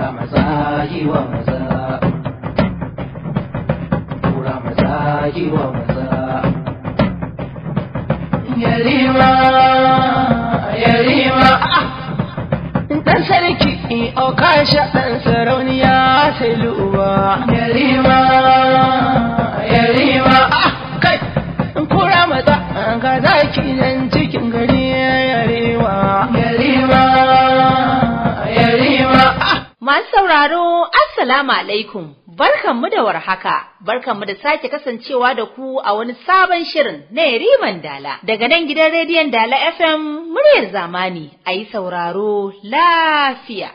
tura masaji wa maza maza yarima yarima sarki oh, sarauniya sai luwa yarima yarima ah, kai kura maza ga zaki nan Masu sauraro, Assalamu alaikum, barkanmu da warhaka, barkanmu da sake kasancewa da ku a wani sabon shirin na Yariman Dala. Daga nan gidan rediyon Dala FM muryar zamani, a yi sauraro lafiya.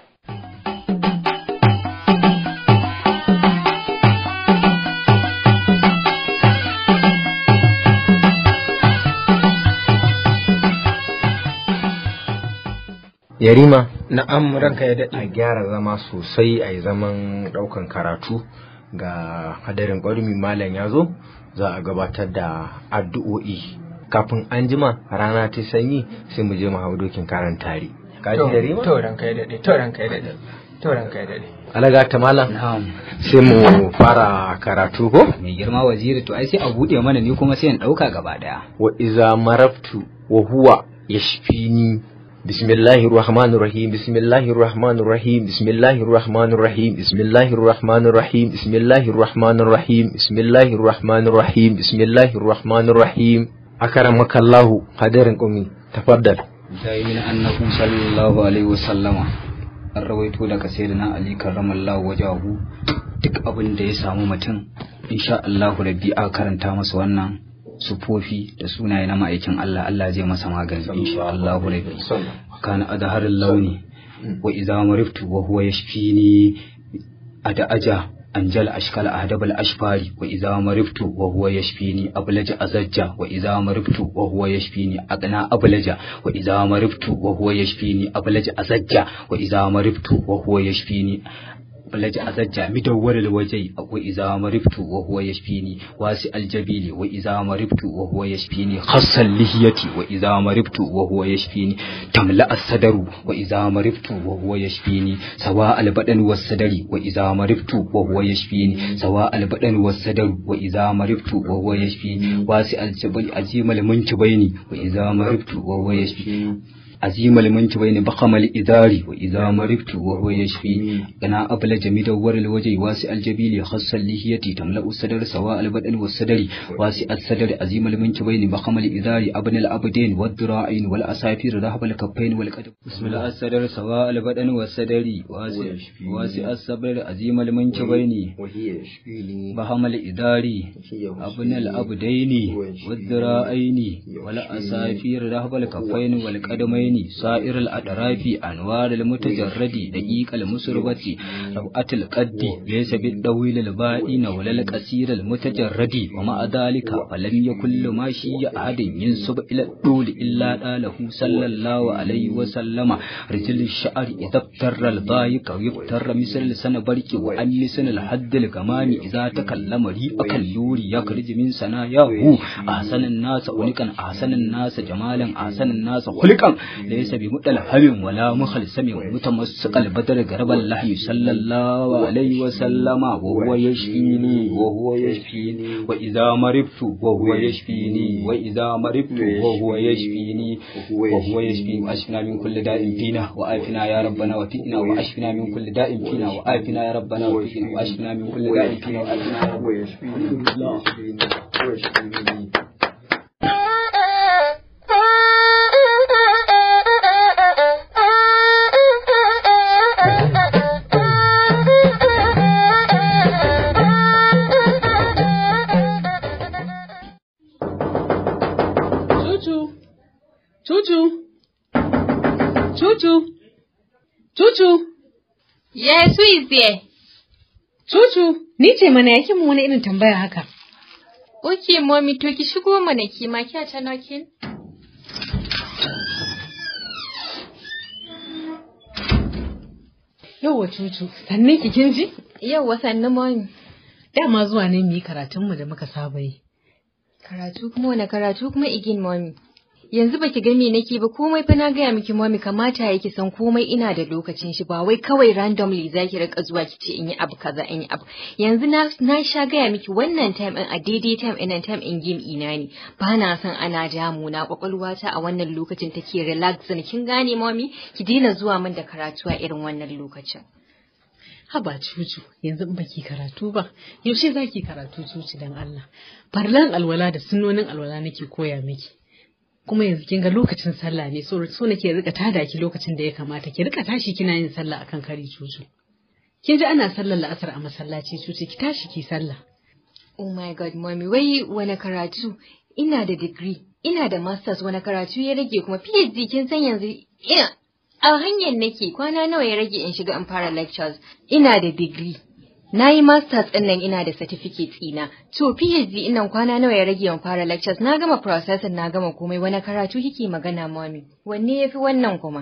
yarima amuran ka ya daɗe a gyara zama sosai a yi zaman ɗaukan karatu ga hadarin ƙwarmi malam ya zo za a gabatar da addu'o'i kafin an jima rana ta sanyi sai mu je mu dokin karan tare alaga ta malam sai mu fara karatu ko mai girma waziri to ai sai a buɗe mana ni kuma sai in ɗauka gaba ɗaya wa iza maraftu wa huwa yashfini bismillahir rahmanir rahim bismillahir rahmanir rahim bismillahir rahmanir rahim bismillahir rahmanir rahim bismillahir rahmanir rahim bismillahir rahmanir hadarin qumi tafaddal daimin annakum sallallahu alaihi wasallama an rawaito daga sayyidina ali karramallahu wajahu duk abin da ya samu mutum insha da rabbi a karanta masa wannan sufofi da sunaye na ma'aikin Allah Allah zai masa magani insha Allah rabbi adharul launi mm. wa idza mariftu wa huwa yashfini ada aja anjal ashkal ahdabal ashfari wa idza mariftu wa huwa yashfini ablaja azajja wa idza mariftu wa huwa yashfini aqna ablaja wa idza mariftu wa huwa yashfini ablaja azajja wa idza mariftu wa huwa yashfini balaji azajja mi dawwar alwajai akwai iza maribtu wa huwa yashfini wasi aljabili wa lihiyati wa iza maribtu wa huwa yashfini tamla asadaru wa iza maribtu wa azima liman ci bayani bakamal idari wa idza maribtu wa huwa yashfi kana abla jamida war al wajhi wasi al jabili khassal lihiyati tamla usadar sawa al badal wa sadari wasi al sadar azima liman ci bayani bakamal idari abn al abdin wa dira'in wal asafir dhahab al kaffain wal qad bismillah al sadar sawa al badal wa sadari wasi wasi al sadar azima liman ci bayani bakamal idari abn al abdin wa dira'in wal asafir dhahab al kaffain wal الحسين سائر الأدرافي أنوار المتجرد دقيق المسروة روعة القد ليس بالطويل البائن ولا القصير المتجرد ومع ذلك فلم يكن لما شيء أحد ينسب إلى الطول إلا آله صلى الله عليه وسلم رجل الشعر إذا ابتر الضايق ويبتر مثل لسان برك وعن لسان الحد الغمام إذا تكلم ريئك اللوري يخرج من سناياه أحسن الناس ونكا أحسن الناس جمالا أحسن الناس خلقا ليس بمتلهم ولا مخلصم متمسق البدر غرب الله صلى الله عليه وسلم وهو يشفيني وهو يشفيني وإذا مرضت وهو يشفيني وإذا مرضت وهو يشفيني وهو يشفيني وأشفنا من كل داء فينا وآفنا يا ربنا وفقنا وأشفنا من كل داء فينا وآفنا يا ربنا وفقنا وأشفنا من كل داء فينا وآفنا يا ربنا وفقنا ويشفيني ويشفيني ويشفيني Izie. Cucu, ni ce mana yake mu wani irin tambaya haka. Oke, momi to ki shigo mana ki ma kya ta nokin. Yauwa cucu, sannan ki kin ji? Yauwa sannan momi. Dama zuwa ne mu yi karatunmu da muka saba yi. Karatu kuma wani karatu kuma igin Mami. yanzu baki ga me nake ba komai fa na gaya miki mami kamata yake san komai ina da lokacin shi ba wai kawai randomly zaki rika zuwa kici in yi abu kaza in yi abu yanzu na na sha gaya miki wannan time in a daidai time in time in game ina ne ba na son ana damu na ta a wannan lokacin take relax ne kin gane mami ki daina zuwa min da karatuwa irin wannan lokacin haba cucu yanzu in baki karatu ba yaushe zaki karatu cucu dan Allah farlan alwala da sunnonin alwala nake koya miki kuma yanzu kin ga lokacin sallah ne so so nake rika tada ki lokacin da ya kamata ki rika tashi kina yin sallah akan kari cucu kin ji ana sallar la'asar a masallaci cucu ki tashi ki sallah oh my god mommy wai wani karatu ina da degree ina da masters wani karatu ya rage kuma phd kin san yanzu ina a hanyar nake kwana nawa ya rage in shiga in fara lectures ina da degree na yi masters ɗin nan ina da certificate ina to PhD inan kwana nawa ya rage yan fara lectures na gama processing na gama komai wani karatu kike magana mami wanne ya fi wannan kuma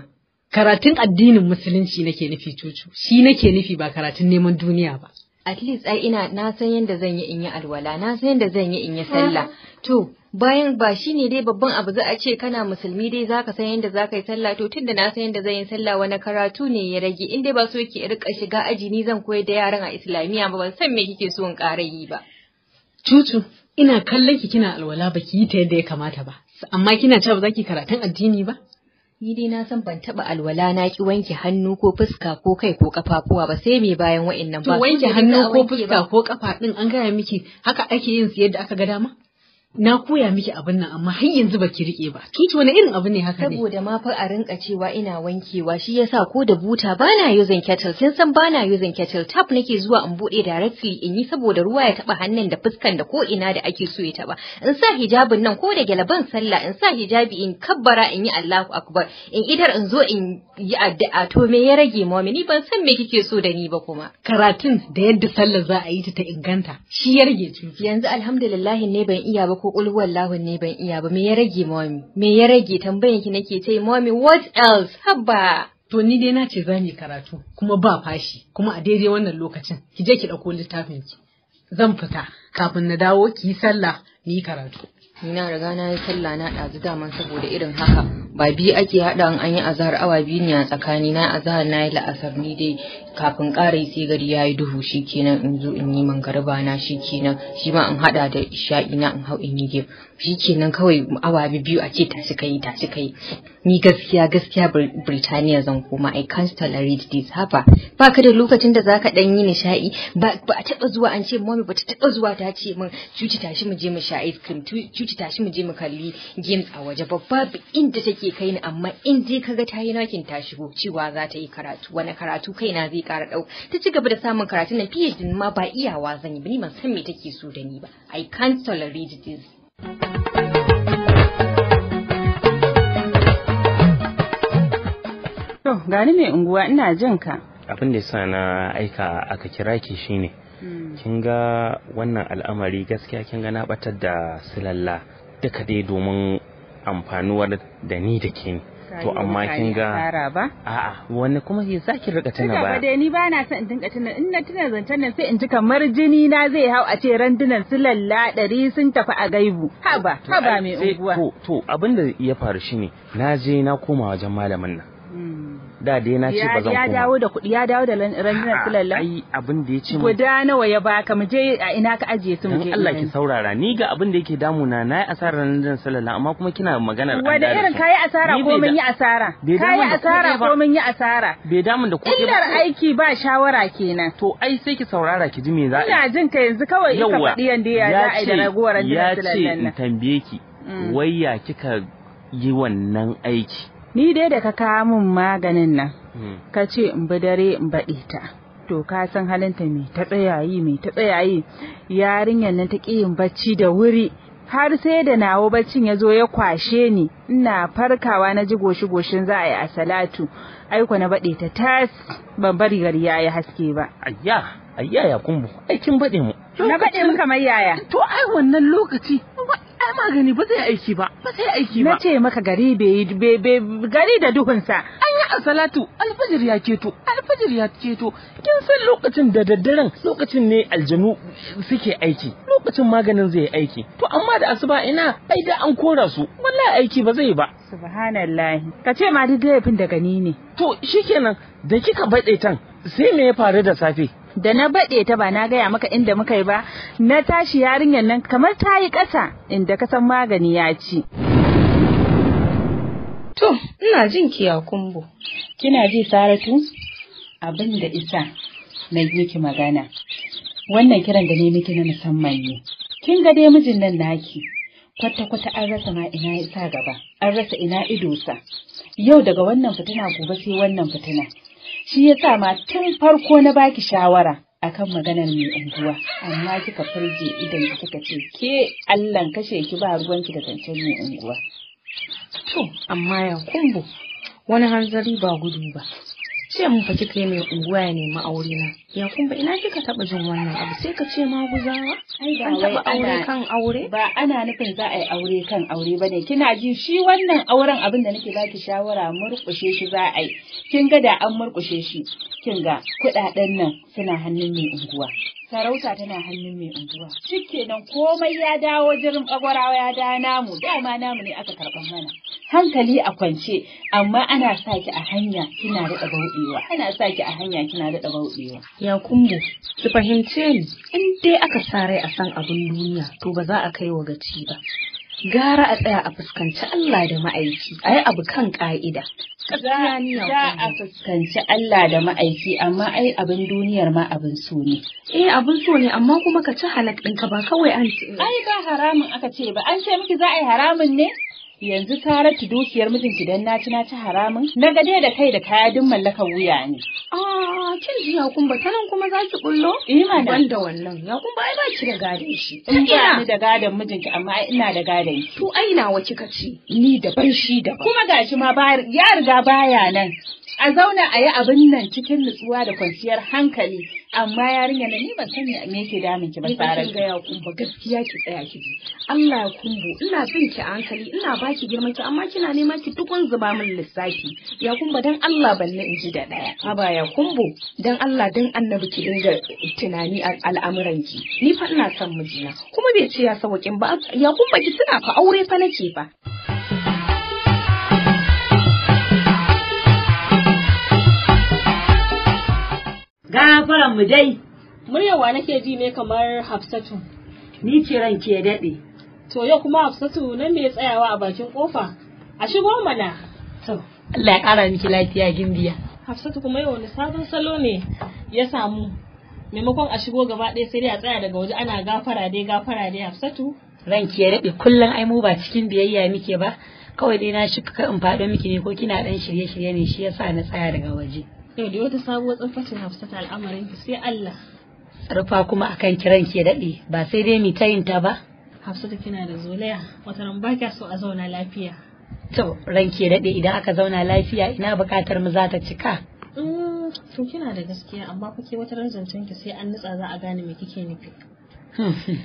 karatun addinin musulunci nake nufi cucu shi nake nufi ba karatun neman duniya ba at least ai ina na san yadda zan yi in yi alwala na san yadda zan yi in yi sallah to bayan ba shi ne dai babban abu za a ce kana musulmi dai zaka san yadda zaka yi sallah to tunda na san yadda zan yi sallah wani karatu ne ya rage in dai ba so yake rika shiga aji ni zan koyar da yaran a islamiyya ba ban san me kike so in ƙara yi ba cucu ina kallon ki kina alwala baki yi ta yadda ya kamata ba amma kina cewa ba za ki karatun addini ba ni dai na san ban taba alwala na ki wanke hannu ko fuska ko kai ko kafafuwa ba sai me bayan wa'annan ba to wanke hannu ko fuska ko kafa din an gaya miki haka ake yin su yadda aka ga dama na koya miki abin nan amma har yanzu baki rike ba kiki wani irin abu ne haka ne saboda ma fa a rinka cewa ina wankewa shi yasa ko da buta bana using kettle kin san bana using kettle tap nake zuwa in bude directly in yi saboda ruwa ya taba hannun da fuskan da ko ina da ake so ya taba in sa hijabin nan ko da gyalaban sallah in sa hijabi in kabbara in yi Allahu akbar in idar in zo in yi addu'a to me ya rage mami ni ban san me kike so da ni ba kuma karatun da yadda sallah za a yi ta inganta shi ya rage yanzu alhamdulillah ne ban iya ba ko kulwar lahun ne ban iya ba me ya rage mami me ya rage tambayan ki nake ce mami what else habba to ni dai nace ce za karatu kuma ba fashi kuma a daidai wannan lokacin ki je ki ɗauko littafin ki zan fita kafin na dawo ki yi sallah ni karatu na riga na yi sallah na ɗazu daman saboda irin haka ba biyu ake haɗa an yi azahar awa biyu ne a tsakani na azahar na yi la'asar ni dai kafin ƙare sai gari ya yi duhu shi kenan in zo in yi garba na shi kenan shi ma in haɗa da sha'i na in hau in yi game shi kenan kawai awa biyu a ce tashi kai tashi kai ni gaskiya gaskiya Birtaniya zan koma I can't tolerate this haba ba ka da lokacin da za ka dan yi nishaɗi ba a taɓa zuwa an ce mommy ba ta taɓa zuwa ta ce min cuci tashi mu je mu sha ice cream cuci tashi mu je mu kalli games a waje babba inda take kai ni amma in dai kaga ta yi nakin ta shigo cewa za ta yi karatu wani karatu kaina zai ƙara kara dau ta ci gaba da samun karatun na PhD ma ba iyawa zan yi ba ni ban san me take so da ni ba I can't tolerate this To gani mai unguwa ina jin ka abin da yasa na aika aka kira ki shine hmm. kin ga wannan al'amari gaskiya kin ga na batar da silalla duka dai domin amfanuwar da ni da ke ni. to amma kin ga a'a wani kuma ya saki rika tuna ba da ni ba na son in dinga tuna in na tuna zancen nan sai in ji kamar jini na zai hau a ce randunan su lalla sun tafi a gaibu haba haba mai unguwa to abinda ya faru shine na je na koma wajen malamin nan da dai na ce ba zan koma ya dawo da kuɗi ya dawo da randunan filalla ai abin da ya ce guda nawa ya baka mu je a ina ka ajiye su mu je Allah ki saurara ni ga abin da yake damuna na yi asarar randunan filalla amma kuma kina maganar da. irin kayi asara ko mun yi asara kayi asara ko mun yi asara bai damun da kuɗi illar aiki ba shawara kenan to ai sai ki saurara ki ji me za a ina jin ka yanzu kawai ka faɗi yanda ya za a yi da ragowar ya ce in tambaye ki mm. wai kika yi wannan aiki ni dai da ka kawo min maganin nan hmm. ka ce in bi dare in baɗe ta to ka san halinta mai ta tsayayi mai ta tsayayi yarinyar nan ta ƙi yin bacci da wuri har sai da nawo baccin ya zo ya kwashe ni ina farkawa na ji goshi-goshin za a yi a salatu aiko na baɗe ta tas ban bari gari ya yi haske ba. Ayya, ayya ya kumbu, aikin baɗe mu. Na baɗe mu kamar yaya. To ai wannan lokaci ai magani ba zai aiki ba ba zai aiki ba nace maka gari bai gari da duhunsa an yi asalatu alfajir ya keto alfajir ya keto kin san lokacin da daddaren lokacin ne aljanu suke aiki lokacin maganin zai aiki to amma da asuba ina ai da an kora su wallahi aiki ba zai ba subhanallahi ka ce ma duk da gani ne to shikenan da kika baɗe tan sai me ya faru da safe da na baɗe ta ba na gaya maka inda muka yi ba na tashi yarinyar nan kamar ta yi ƙasa inda ka san magani ya ci. To, ina jin kiya kumbo. Kina ji Saratu? Abin da isa na yi magana. Wannan kiran da ne miki na musamman ne. Kin ga dai mijin nan naki. Kwata-kwata an rasa ma ina isa gaba, an rasa ina idosa. Yau daga wannan fitina gobe sai wannan fitina. shi ya sa ma tun farko na baki shawara akan maganar mai unguwa amma kika farje idan kika ce ke Allahn kashe ki ba ruwan ki da zancen mai unguwa to amma ya kumbu wani hanzari ba gudu ba sai mun fa kai mai unguwa ya nemi aure na ya kuma ina kika taba jin wannan abu sai ka ce ma guzawa an ba aure kan aure ba ana nufin za a yi aure kan aure bane kina ji shi wannan auren abin da nake baki shawara murƙushe shi za a yi kin ga da an murkushe shi kin ga kuɗaɗen nan suna hannun mai unguwa sarauta tana hannun mai unguwa shikenan komai ya dawo jirin bagwarawa ya da namu dama namu ne aka karba mana hankali a kwance amma ana saki a hanya kina da bauɗewa ana saki a hanya kina da bauɗewa Ya kumbo, ki fahimce ni, in dai aka sare a san abin duniya to ba za a kai wa gaci ba. Gara a tsaya a fuskanci Allah da ma'aiki, a yi abu kan ƙa'ida. Za a fuskanci Allah da ma'aiki amma ai abin duniyar ma abin so ne. Eh abin so ne amma kuma ka ci halak ɗinka ba kawai an ce. Ai ba haramun aka ce ba an ce miki za a yi haramun ne? yanzu saratu dukiyar mijinki dan naci ci na ci haramun na gade da kai da kaya duk mallakar wuya ne ah kin ji ya kun ta nan kuma za ki kullo eh mana banda wannan ya ba ai ba ki da gadon shi ina ni da gadon mijinki amma ai ina da gadon to ai na kika kace ni da ban shi da kuma gashi ma ba ya riga baya nan a zauna a yi abin nan cikin nutsuwa da kwanciyar hankali amma yarinya na ni ban sani me yake damun ki ba sarai ga ya kumba gaskiya ki tsaya ki Allah ya kumbo ina son ki a hankali ina baki girma ki amma kina neman ki tukun zuba min lissafi ya kumba dan Allah ban in ji da daya haba ya kumbo dan Allah dan annabi ki dinga tunani a al'amuran ki ni fa ina son mijina kuma bai ce ya sawakin ba ya kumba ki tuna fa aure fa nake fa gafaran mu dai muryawa nake ji ne kamar hafsatu ni ce ran ya daɗe to yau kuma hafsatu nan me tsayawa a bakin kofa a shigo mana to Allah ya ƙara miki lafiya gimbiya hafsatu kuma yau wani sabon salo ne ya samu maimakon a shigo gaba ɗaya sai dai a tsaya daga waje ana gafara dai gafara dai hafsatu ranki ya daɗe kullum ai mu ba cikin biyayya muke ba kawai dai na shi in faɗo miki ne ko kina ɗan shirye-shirye ne shi yasa na tsaya daga waje Yau da wata sabuwar tsofaffin Hafsat al'amarin ki sai Allah. Rufa kuma akan kiran ki daɗe ba sai dai mi ta yin ta ba. Hafsatu kina da zolaya wata nan ba kya so a zauna lafiya. To ranki daɗe idan aka zauna lafiya ina buƙatar mu za ta cika. Mm, to kina da gaskiya amma fa ke wata zancen ki sai an nutsa za a gane me kike nufi.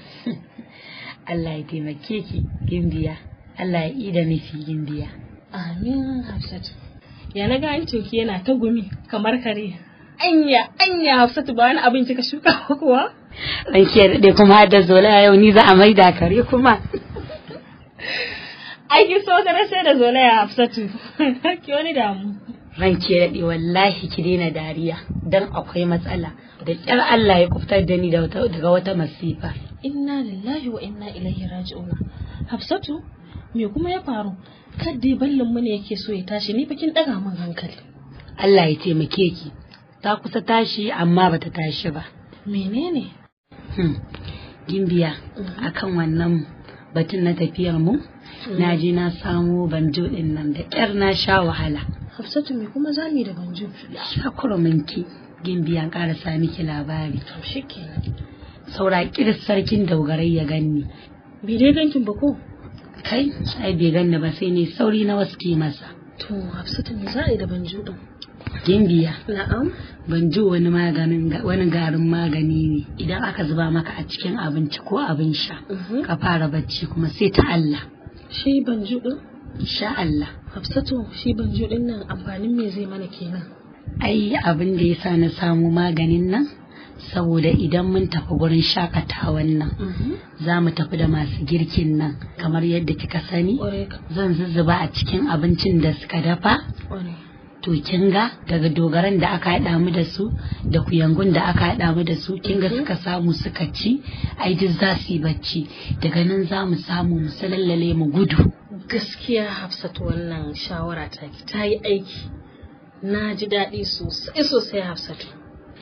Allah ya taimake ki gimbiya. Allah ya ida nufi gimbiya. Amin Hafsatu. ya na ga coki yana ta gumi kamar kare anya anya hafsatu ba wani abin kika shuka kuwa ranke da kuma da zola yau ni za a maida kare kuma ai ki so ka sai da zola ya hafsatu ki wani damu ran da dai wallahi ki daina dariya dan akwai matsala da kyar Allah ya kuftar da ni daga wata masifa inna lillahi wa inna ilaihi raji'un hafsatu me kuma ya faru kaddi ballin mu ne yake so ya tashi ni bakin daga mun hankali Allah ya taimake ki ta kusa tashi amma bata tashi ba menene hmm. gimbiya mm-hmm. akan wannan batun na tafiyar mu mm-hmm. na je na samo banjo din nan da ƙyar na sha wahala Hafsatu me kuma zami da banjo sha kuruminki gimbiya sa miki labari saura kiris sarkin daugarai ya ganni Bi dai gankin ba ko kai ai bai ganna ba sai ne sauri na wasu ke masa to hafsatu me za a yi da banjo din gimbiya na'am banjo wani maganin wani garin magani ne idan aka zuba maka a cikin abinci ko abin sha mhm. ka fara bacci kuma sai ta Allah shi banjo din insha Allah hafsatu shi banjo din nan amfanin me zai mana kenan ai abin da yasa na samu maganin nan saboda idan mun tafi gurin shakatawan nan mhm. za mu tafi da masu girkin nan kamar yadda kika sani zan zuzzuba a cikin abincin da suka dafa to kin ga daga dogaran da aka haɗa mu da su da kuyangun da aka haɗa mu da su kin ga suka samu suka ci ai duk za su yi bacci daga nan za mu samu mu salallale mu gudu gaskiya hafsatu wannan shawara ta ta yi aiki na ji daɗi sosai sosai hafsatu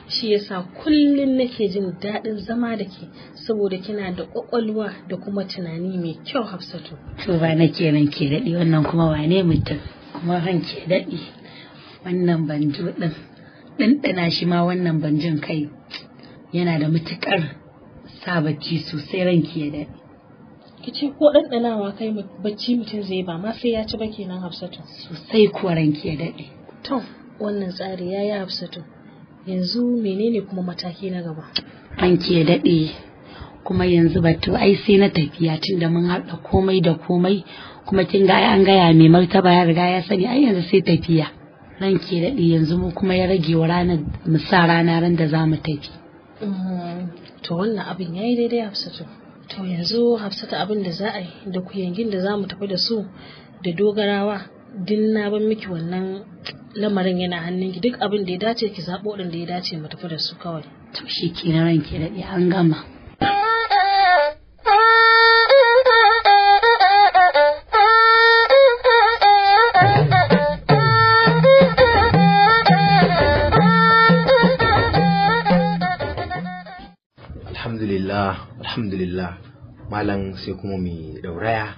shi yasa kullum nake jin daɗin zama da ke saboda kina da ƙwaƙwalwa da kuma tunani mai kyau hafsatu to ba na kenan ke daɗi wannan kuma wane mutum kuma ran ke daɗi wannan banjo ɗin ɗanɗana shi ma wannan banjin kai yana da matuƙar sa bacci sosai ran ke daɗi ki ce ko ɗanɗanawa kai bacci mutum zai ba ma sai ya ci ba kenan hafsatu sosai kuwa ran ke daɗi. to wannan tsari ya yi hafsatu yanzu menene kuma mataki na gaba an ke daɗe kuma yanzu batu ai sai na tafiya tunda mun haɗa komai da komai kuma kin ga an gaya mai martaba ya riga ya sani ai yanzu sai tafiya ran ke daɗe yanzu mu kuma ya rage wa ranar mu sa rana ran da za mu tafi mm, to wannan abin yayi daidai Hafsatu to yanzu Hafsatu abin da za a yi da kuyangin da za mu tafi da su da dogarawa din na ban miki wannan lamarin yana hannun ki duk abin da ya dace ki zaɓo waɗanda ya dace mu tafi da su kawai. To shi ke na ranke daɗe an gama. Alhamdulillah, alhamdulillah, malam sai kuma mai ɗauraya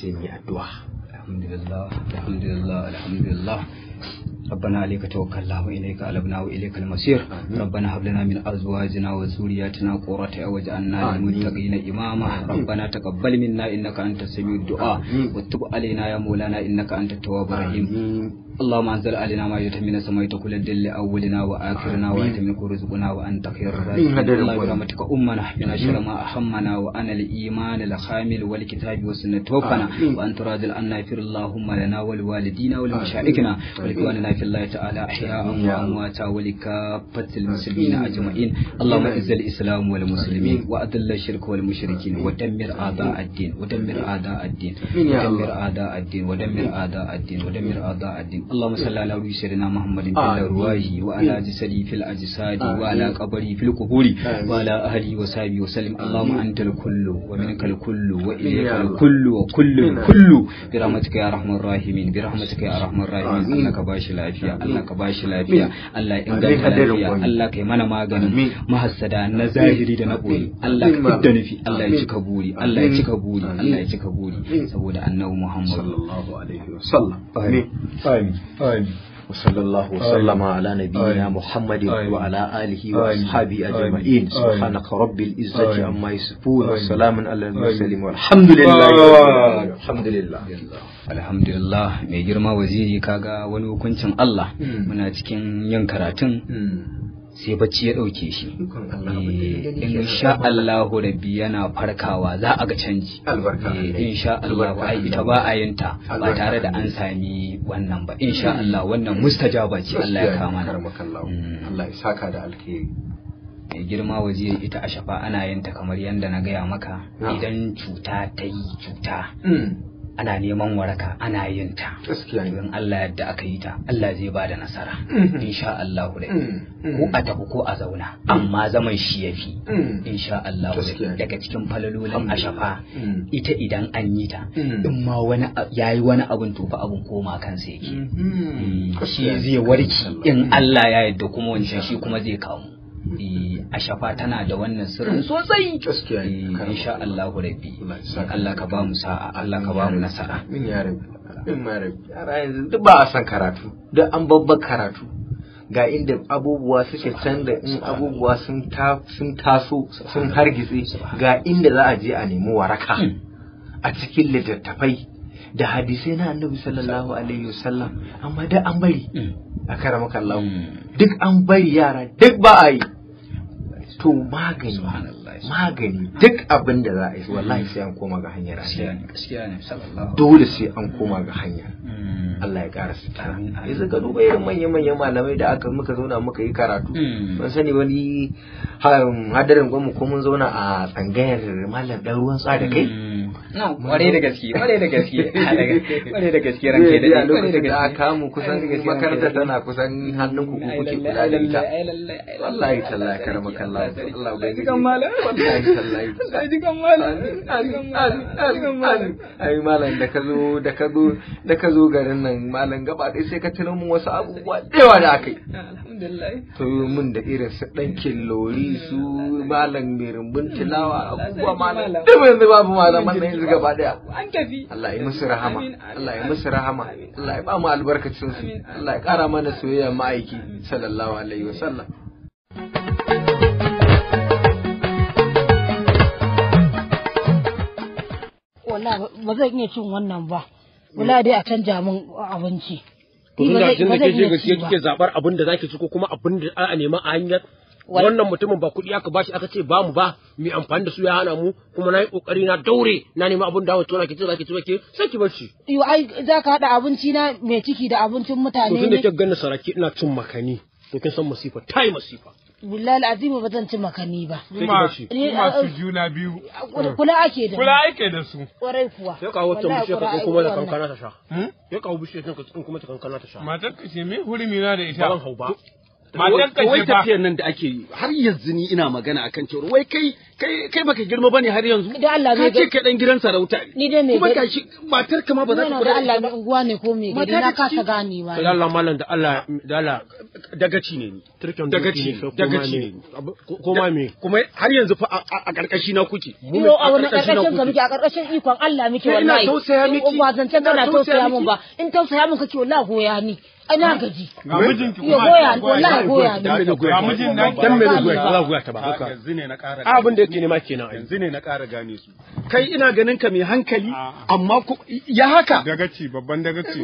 sai mai addu'a. Alhamdulillah, alhamdulillah, alhamdulillah. ربنا عليك توكلنا وإليك ألبنا وإليك المصير ربنا هب لنا من أزواجنا وذرياتنا قرة واجعلنا للمتقين إماما ربنا تقبل منا إنك أنت السميع الدعاء وتب علينا يا مولانا إنك أنت التواب الرحيم اللهم انزل علينا ما يتم من السماء كل دل اولنا واخرنا واتم رزقنا وانت خير الرازقين برحمتك امنا من شر ما اهمنا وانا الايمان الخامل والكتاب والسنه توفنا وانت راض عنا يغفر اللهم لنا ولوالدينا ولمشاركنا ولاخواننا في الله تعالى احياء وامواتا ولكافه المسلمين اجمعين اللهم اعز الاسلام والمسلمين واذل الشرك والمشركين ودمر اعداء الدين ودمر اعداء الدين ودمر اعداء الدين ودمر اعداء الدين ودمر اعداء الدين العظيم اللهم صل على روح سيدنا محمد في الأرواح وعلى جسدي في الأجساد وعلى قبري في القبور وعلى أهلي وصحبي وسلم اللهم أنت الكل ومنك الكل وإليك الكل وكل الكل برحمتك يا أرحم الراحمين برحمتك يا أرحم الراحمين الله كباش العافية الله كباش العافية الله إنجاز العافية الله كمان ما غني ما حسدا نزاهري دنا بوري الله كدني في الله يجيك بوري الله يجيك بوري الله يجيك بوري سبود أنه محمد صلى الله عليه وسلم آمين آمين وصلى الله وسلم على نبينا محمد وعلى سبحانك رب عما يصفون وسلام على المرسلين والحمد لله الحمد لله alhamdulillah mai girma waziri kaga wani hukuncin Allah muna cikin yin karatun sai bacci ya ɗauke shi eh, sha Allahu rabbi yana farkawa za a ga canji eh, sha Allahu ai ita ba a yin ta ba tare da an sami wannan ba sha Allah wannan mustajaba ce Allah ya kama mm. Allah ya saka da alkhairi mai girma waje ita a shafa ana yin ta kamar yadda na gaya maka idan cuta ta yi cuta mm. ana neman waraka ana yin ta gaskiya in Allah yadda aka yi ta Allah zai ba da nasara mm-hmm. insha Allah dai mm-hmm. ko a tafi ko a zauna mm-hmm. amma zaman shi yafi insha Allah daga cikin falalolin ashafa ita idan an yi ta in ma wani yayi wani abun to fa abun koma kansa yake mm, shi zai warki in Allah ya yadda kuma wancan shi kuma zai kawo. Eh, shafa tana da wannan sirrin eh, sosai gaskiya eh, insha Allahu rabbi Allah ka ba mu sa'a Allah ka ba mu nasara min ya rabbi min ma rabbi yara yanzu duk ba a san karatu duk an babbar karatu ga inda abubuwa suke canza in abubuwa sun taso sun hargitse ga inda za a je a nemi waraka hmm. a cikin littattafai da hadisai na annabi sallallahu alaihi wasallam amma da an bari hmm. a karamaka Allah hmm. duk an bari yara duk ba a yi to magani magani duk abin da za a yi wallahi sai an koma ga hanyar dole sai an koma ga hanya hmm. Allah ya ƙara sutura yanzu ka duba irin manya-manyan malamai da aka muka zauna muka yi karatu hmm. ban sani wani hadarin gwamu ko mun zauna a tsangayar malam ɗan ruwan tsada hmm. da gaske kwarai da gaske malam da ka zo da ka zo garin nan wannan malam gaba ɗaya sai ka tuno mun wasu abubuwa da yawa da aka yi to mun da irin su ɗankin lori su malam mai rumbun tilawa abubuwa malam duk yanzu babu malaman nan yanzu gaba ɗaya Allah ya musu rahama Allah ya musu rahama Allah ya ba mu albarkacin su Allah ya ƙara mana soyayya ma'aiki sallallahu alaihi wa sallam. wallahi ba zan iya cin wannan ba wala dai a canja mun abinci to da jin da kike gaskiya kike zabar abin da zaki ci ko kuma abin da a nema a hanyar wannan mutumin ba kuɗi aka bashi aka ce ba mu ba mu amfani da su ya hana mu kuma nayi kokari ƙoƙari na daure na nemi abin da wato na ke zaki ci ke sai ki barci. Yo ai za ka haɗa abinci na mai ciki da abincin mutane. To tun da kika ganin saraki ina cin makani to kin san masifa ta yi masifa. Bulla azimi ba zan ci makani ba masu eh, eh, juna biyu kula ake da su. kula ake da su kwarai kuwa Ya kawo ta hmm? bishiyar ka kuma da kankana ta sha ya kawo bushe ka kuma ta kankana ta sha matar ka ce me hurumi na da ita zan hau ba matanka wai tafiyar nan da ake har yanzu ni ina magana akan cewa wai kai kai kai baka girma bane har yanzu da Allah ne ce kai dan gidan sarauta ni dai me kuma kashi matar ka ma ba za ta kula da Allah ne unguwa ne ko me gari na kasa ganewa da Allah mallan da Allah da Allah dagaci ne ni dagaci dagaci ne kuma me kuma har yanzu fa a karkashi na kuke mu a wani karkashin ka muke a karkashin ikon Allah muke eh, wallahi ina tausaya miki ba zancen kana tausaya mun ba in tausaya mun kake wallahi goya ni ana gaji ga mijin ki kuma ya goya goya ga mijin nan dan me goya ba goya ta ba haka yanzu ne na ƙara abin da yake nema kenan yanzu ne na ƙara gane su kai ina ganin ka mai hankali amma ya haka dagaci babban dagaci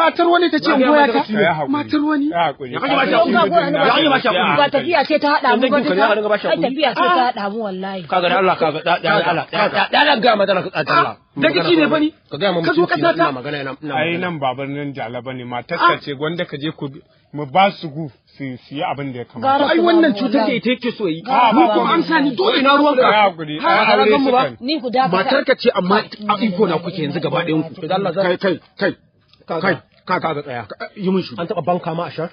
matar wani ta ce goya ka matar wani ya ya ba shi ba shi ba tafiya ce ta hada mu ba tafiya ce ta hada mu wallahi kaga da Allah kaga da Allah da Allah ga magana ka tsata dagaci ne bani ka ga mu mutum ina magana ina ai nan babar nan jalaba ne matar ka ce gwanda ka je ku mu ba su gu su yi abin da ya kamata. Ai wannan cutar da ita yake so yi. Ni kuma an sani dole na ruwan ka. ha a mu ba. Ni ku da Matar ka ce amma a iko na kuke yanzu gaba ɗayan ku. Kai kai kai kai. Ka ga tsaya. Yi mun shi. An taɓa banka ma a shar?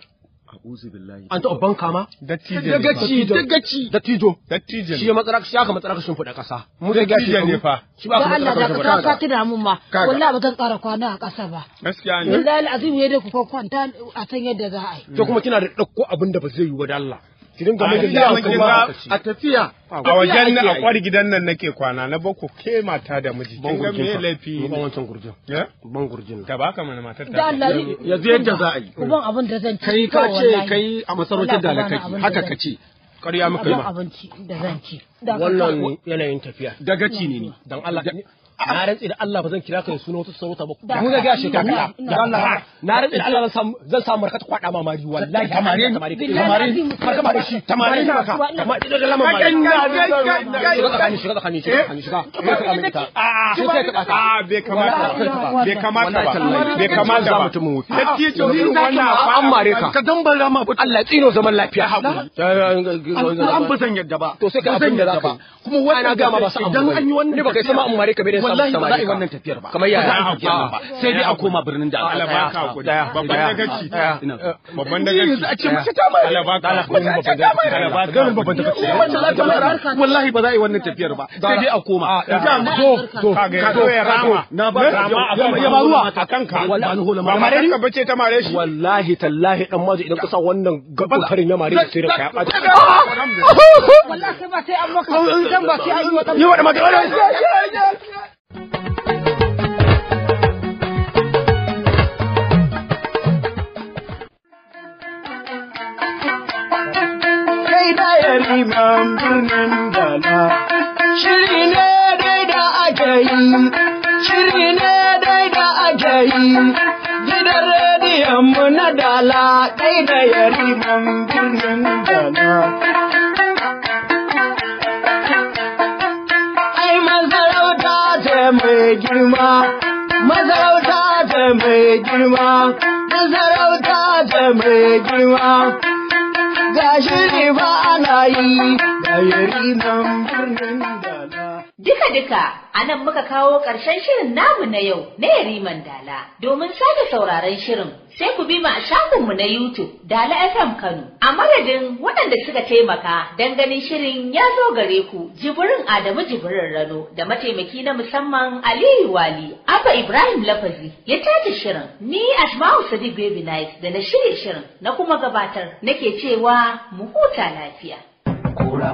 a'udhu an taɓa banka ma dattijo dattijo dattijo dattijo shi ya matsara shi aka matsara shin fuda kasa mu da gashi ne fa shi ba Allah da ka ka tuna mun ma wallahi ba zan ƙara kwana a ƙasa ba gaskiya ne wallahi alazim ya dai ku kwanta a san yadda za a yi to kuma kina da ɗauko abin da ba zai yi wa da Allah ki dinga mai da kuma a tafiya a wajen a kwar gidan nan nake kwana na bako ke mata da miji Ban gurjin me laifi ban wancan gurjin eh? ban gurjin ka baka mana matar ta yanzu yadda za a yi ban abin da zan ci kai ka ce kai a masarautar dalakaki haka ka ce ƙarya muka yi ma abinci da zan ci wannan yanayin tafiya dagaci ne ni dan Allah na rantsi da Allah ba zan kira ka da suna wata sarauta ba ga ka kira da Allah na rantsi da Allah zan samu markata kwada ma mari wallahi tamare tamare tamare farka ba shi tamare ka ah, ka mari ga a shi ka a kamata kamata ba kamata ba mutum mu to wannan an mare ka ka dan bara ma Allah tsino zaman lafiya an ba yadda ba to sai ka abin da zaka kuma wannan ga ma ba idan an yi wannan ba kai sama an mare ka bai wallahi ba za a yi wannan tafiyar ba kamar yaya ba sai dai a koma birnin da alabaka babban dagaci eh, babban eh, dagaci a ce mace ta mai alabaka babban babban dagaci mace za ta mai wallahi ba za a yi wannan tafiyar ba sai dai a koma to ah, to ka ga ya rama na ba eh? rama ya ba ruwa a kanka wallahi ba mare ka bace ta mare shi wallahi tallahi dan maji idan ka sa wannan ya mare sai da ka wallahi ba sai an maka ba sai an yi gaida yariman birnin dala shiri ne dai da yi shiri ne dai da yi gidan rediyon mu na dala gaida yariman birnin dala ai masarauta ce mai girma masarauta ce mai girma masarauta ce mai girma Shri Vanai, Duka-duka a nan muka kawo ƙarshen shirin namu na yau na Yariman Dala. Domin sake sauraron shirin sai ku bi mu a shafinmu na YouTube Dala FM Kano. A madadin waɗanda suka taimaka don ganin shirin ya zo gare ku jibirin Adamu jibirin Rano da mataimaki na musamman Aliyu Wali. Abba Ibrahim Lafazi ya tace shirin. Ni Asma'u Sadiq Baby Night da na shirya shirin na kuma gabatar nake cewa mu huta lafiya. Kura